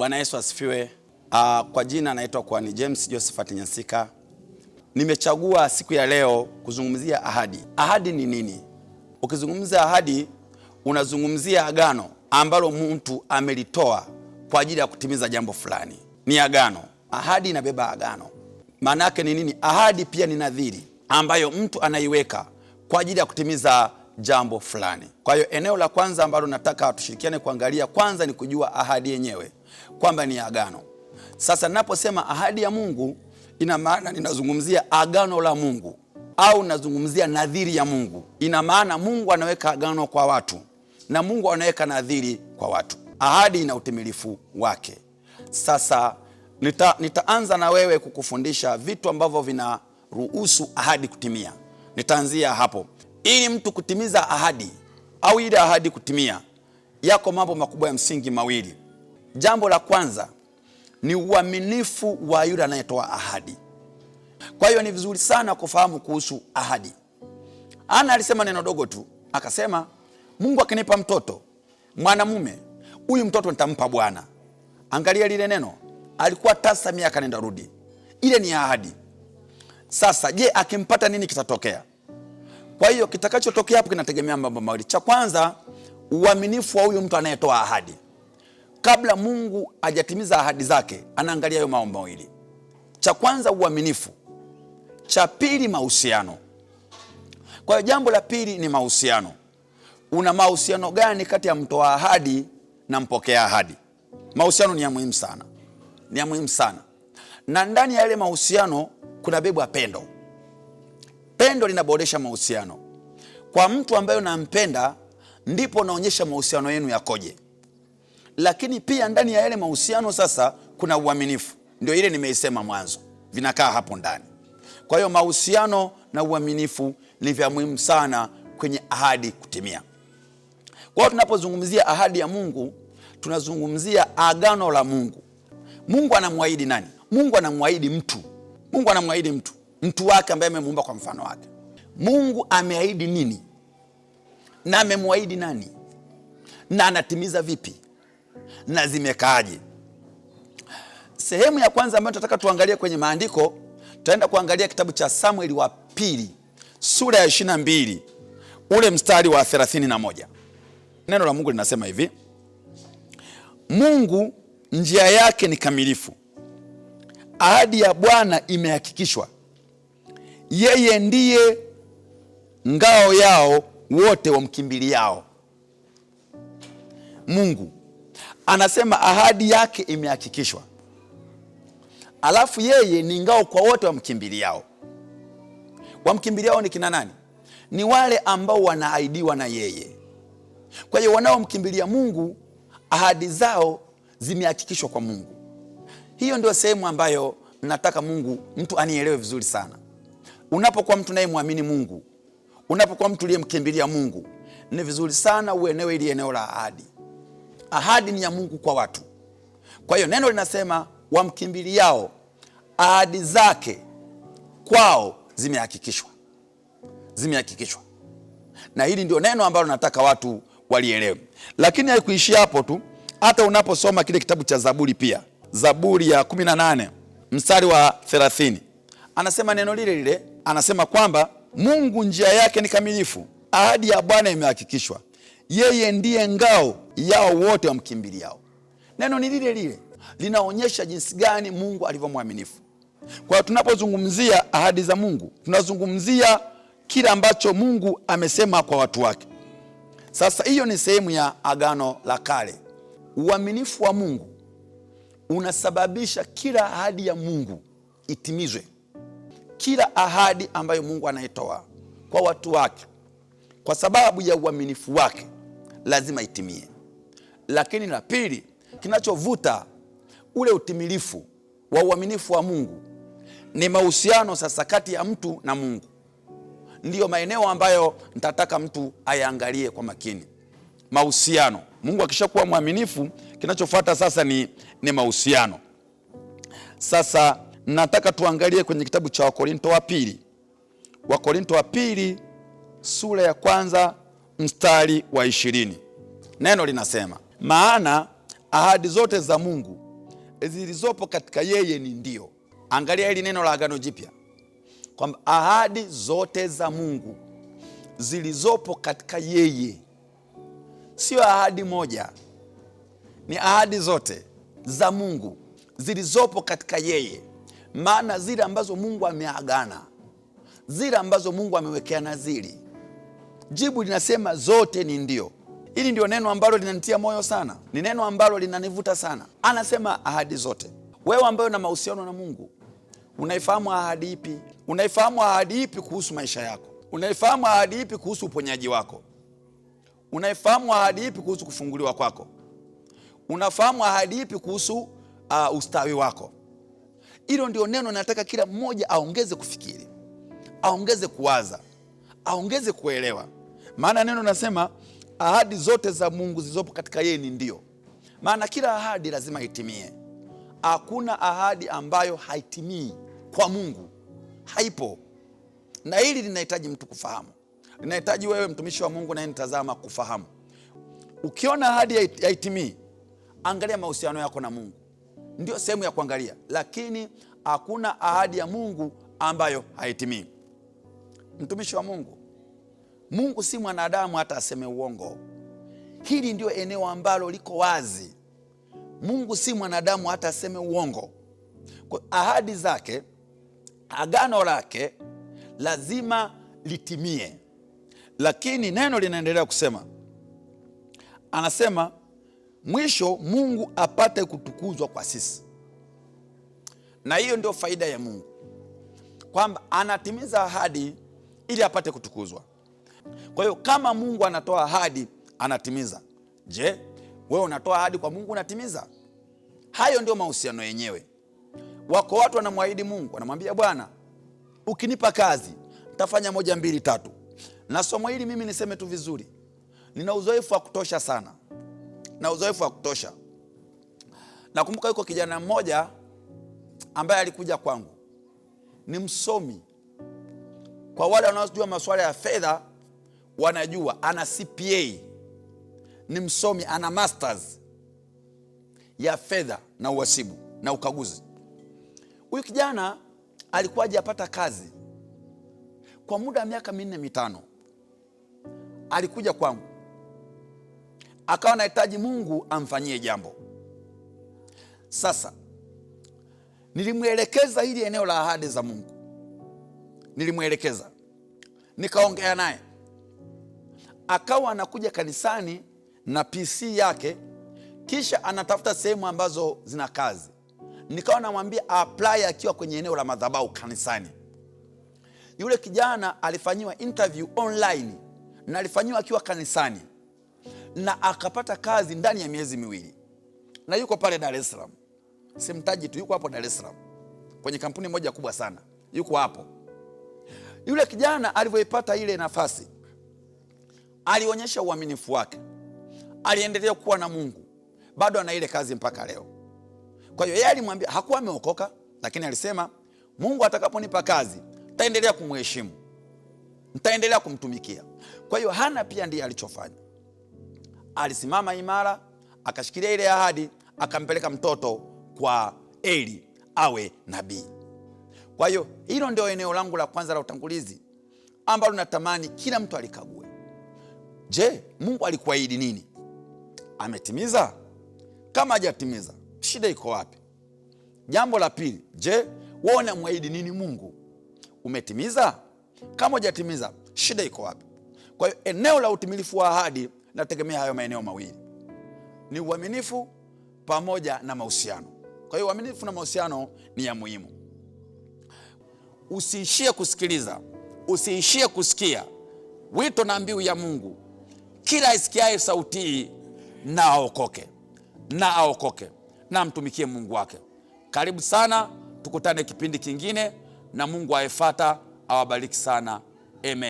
Bwana Yesu asifiwe. Uh, kwa jina naitwa kwani James Josephat Nyasika. Nimechagua siku ya leo kuzungumzia ahadi. Ahadi ni nini? Ukizungumza ahadi, unazungumzia agano ambalo mtu amelitoa kwa ajili ya kutimiza jambo fulani. Ni agano. Ahadi inabeba agano. Maana yake ni nini? Ahadi pia ni nadhiri ambayo mtu anaiweka kwa ajili ya kutimiza jambo fulani. Kwa hiyo eneo la kwanza ambalo nataka tushirikiane kuangalia kwanza ni kujua ahadi yenyewe kwamba ni agano. Sasa ninaposema ahadi ya Mungu, ina maana ninazungumzia agano la Mungu au nazungumzia nadhiri ya Mungu. Ina maana Mungu anaweka agano kwa watu na Mungu anaweka nadhiri kwa watu. Ahadi ina utimilifu wake. Sasa nita, nitaanza na wewe kukufundisha vitu ambavyo vinaruhusu ahadi kutimia. Nitaanzia hapo. Ili mtu kutimiza ahadi au ile ahadi kutimia, yako mambo makubwa ya msingi mawili. Jambo la kwanza ni uaminifu wa yule anayetoa ahadi. Kwa hiyo ni vizuri sana kufahamu kuhusu ahadi. Ana alisema neno dogo tu, akasema Mungu akinipa mtoto mwanamume, huyu mtoto nitampa Bwana. Angalia lile neno, alikuwa tasa miaka nenda rudi, ile ni ahadi. Sasa je, akimpata nini kitatokea? Kwa hiyo kitakachotokea hapo kinategemea mambo mawili. Cha kwanza, uaminifu wa huyu mtu anayetoa ahadi kabla Mungu hajatimiza ahadi zake, anaangalia hayo mambo mawili. Cha kwanza uaminifu, cha pili mahusiano. Kwa hiyo jambo la pili ni mahusiano. Una mahusiano gani kati ya mtoa ahadi na mpokea ahadi? Mahusiano ni ya muhimu sana, ni ya muhimu sana, na ndani ya yale mahusiano kuna pendo. Pendo linaboresha mahusiano. Kwa mtu ambaye unampenda, ndipo unaonyesha mahusiano yenu yakoje lakini pia ndani ya yale mahusiano sasa kuna uaminifu, ndio ile nimeisema mwanzo, vinakaa hapo ndani. Kwa hiyo mahusiano na uaminifu ni vya muhimu sana kwenye ahadi kutimia. Kwa hiyo tunapozungumzia ahadi ya Mungu tunazungumzia agano la Mungu. Mungu anamwahidi nani? Mungu anamwahidi mtu. Mungu anamwahidi mtu, mtu wake ambaye amemuumba kwa mfano wake. Mungu ameahidi nini na amemwahidi nani na anatimiza vipi? na zimekaaje. Sehemu ya kwanza ambayo tunataka tuangalie kwenye maandiko, tutaenda kuangalia kitabu cha Samueli wa pili sura ya 22 ule mstari wa 31. Neno la Mungu linasema hivi: Mungu njia yake ni kamilifu, ahadi ya Bwana imehakikishwa, yeye ndiye ngao yao wote wamkimbiliao Mungu anasema ahadi yake imehakikishwa, alafu yeye ni ngao kwa wote wamkimbiliao. Wamkimbiliao ni kina nani? Ni wale ambao wanaahidiwa na yeye. Kwa hiyo wanaomkimbilia Mungu, ahadi zao zimehakikishwa kwa Mungu. Hiyo ndio sehemu ambayo nataka Mungu mtu anielewe vizuri sana. Unapokuwa mtu nayemwamini Mungu, unapokuwa mtu uliyemkimbilia Mungu, ni vizuri sana uenewe ili eneo la ahadi ahadi ni ya Mungu kwa watu. Kwa hiyo neno linasema wamkimbiliao, ahadi zake kwao zimehakikishwa, zimehakikishwa. Na hili ndio neno ambalo nataka watu walielewe, lakini haikuishia hapo tu. Hata unaposoma kile kitabu cha Zaburi pia, Zaburi ya 18 mstari wa 30 anasema neno lile lile, anasema kwamba Mungu njia yake ni kamilifu, ahadi ya Bwana imehakikishwa yeye ndiye ngao yao wote wamkimbiliao. Neno ni lile lile, linaonyesha jinsi gani Mungu alivyo mwaminifu. Kwa hiyo tunapozungumzia ahadi za Mungu, tunazungumzia kile ambacho Mungu amesema kwa watu wake. Sasa hiyo ni sehemu ya Agano la Kale. Uaminifu wa Mungu unasababisha kila ahadi ya Mungu itimizwe. Kila ahadi ambayo Mungu anaitoa kwa watu wake, kwa sababu ya uaminifu wake, lazima itimie. Lakini la pili, kinachovuta ule utimilifu wa uaminifu wa Mungu ni mahusiano sasa kati ya mtu na Mungu. Ndiyo maeneo ambayo nitataka mtu ayaangalie kwa makini, mahusiano. Mungu akishakuwa mwaminifu, kinachofuata sasa ni, ni mahusiano. Sasa nataka tuangalie kwenye kitabu cha Wakorinto wa pili, Wakorinto wa pili sura ya kwanza mstari wa ishirini neno linasema, maana ahadi zote za Mungu zilizopo katika yeye ni ndio. Angalia hili neno la Agano Jipya kwamba ahadi zote za Mungu zilizopo katika yeye, sio ahadi moja, ni ahadi zote za Mungu zilizopo katika yeye, maana zile ambazo Mungu ameagana, zile ambazo Mungu amewekea nadhiri jibu linasema zote ni ndio. Hili ndio neno ambalo linanitia moyo sana, ni neno ambalo linanivuta sana. Anasema ahadi zote. Wewe ambayo na mahusiano na Mungu, unaifahamu ahadi ipi? Unaifahamu ahadi ipi kuhusu maisha yako? Unaifahamu ahadi ipi kuhusu uponyaji wako? Unaifahamu ahadi ipi kuhusu kufunguliwa kwako? Unafahamu ahadi ipi kuhusu uh, ustawi wako? Hilo ndio neno nataka kila mmoja aongeze kufikiri, aongeze kuwaza, aongeze kuelewa. Maana neno nasema ahadi zote za Mungu zilizopo katika yeye ni ndio. Maana kila ahadi lazima itimie. Hakuna ahadi ambayo haitimii kwa Mungu, haipo. Na hili linahitaji mtu kufahamu, linahitaji wewe mtumishi wa Mungu naye nitazama kufahamu. Ukiona ahadi haitimii, angalia mahusiano yako na Mungu, ndio sehemu ya kuangalia, lakini hakuna ahadi ya Mungu ambayo haitimii. Mtumishi wa Mungu, Mungu si mwanadamu hata aseme uongo. Hili ndio eneo ambalo liko wazi. Mungu si mwanadamu hata aseme uongo. Kwa ahadi zake, agano lake lazima litimie. Lakini neno linaendelea kusema, anasema mwisho Mungu apate kutukuzwa kwa sisi, na hiyo ndio faida ya Mungu, kwamba anatimiza ahadi ili apate kutukuzwa. Kwa hiyo kama Mungu anatoa ahadi anatimiza, je, wewe unatoa ahadi kwa Mungu unatimiza? Hayo ndio mahusiano yenyewe. Wako watu wanamwahidi Mungu, wanamwambia Bwana, ukinipa kazi nitafanya moja mbili tatu. Na somo hili mimi niseme tu vizuri, nina uzoefu wa kutosha sana, na uzoefu wa kutosha. Nakumbuka yuko kijana mmoja ambaye alikuja kwangu, ni msomi. Kwa wale wanaojua masuala ya fedha wanajua ana CPA, ni msomi, ana masters ya fedha na uhasibu na ukaguzi. Huyu kijana alikuwa hajapata kazi kwa muda wa miaka minne mitano. Alikuja kwangu akawa anahitaji Mungu amfanyie jambo. Sasa nilimwelekeza hili eneo la ahadi za Mungu, nilimwelekeza nikaongea naye akawa anakuja kanisani na PC yake, kisha anatafuta sehemu ambazo zina kazi. Nikawa namwambia apply akiwa kwenye eneo la madhabahu kanisani. Yule kijana alifanyiwa interview online na alifanyiwa akiwa kanisani na akapata kazi ndani ya miezi miwili, na yuko pale Dar es Salaam. Simtaji tu, yuko hapo Dar es Salaam kwenye kampuni moja kubwa sana, yuko hapo. Yule kijana alivyoipata ile nafasi alionyesha uaminifu wake, aliendelea kuwa na Mungu, bado ana ile kazi mpaka leo. Kwa hiyo yeye alimwambia, hakuwa ameokoka, lakini alisema Mungu atakaponipa kazi ntaendelea kumheshimu, ntaendelea kumtumikia. Kwa hiyo Hana pia ndiye alichofanya, alisimama imara, akashikilia ile ahadi, akampeleka mtoto kwa Eli awe nabii. Kwa hiyo hilo ndio eneo langu la kwanza la utangulizi ambalo natamani kila mtu alikagua Je, Mungu alikuahidi nini? Ametimiza? Kama hajatimiza, shida iko wapi? Jambo la pili, je, wewe unamwahidi nini Mungu? Umetimiza? Kama hujatimiza, shida iko wapi? Kwa hiyo eneo la utimilifu wa ahadi nategemea hayo maeneo mawili, ni uaminifu pamoja na mahusiano. Kwa hiyo uaminifu na mahusiano ni ya muhimu. Usiishie kusikiliza, usiishie kusikia wito na mbiu ya Mungu kila isikiaye sauti hii na aokoke, na aokoke na mtumikie Mungu wake. Karibu sana, tukutane kipindi kingine, na Mungu aefata awabariki sana. Amen.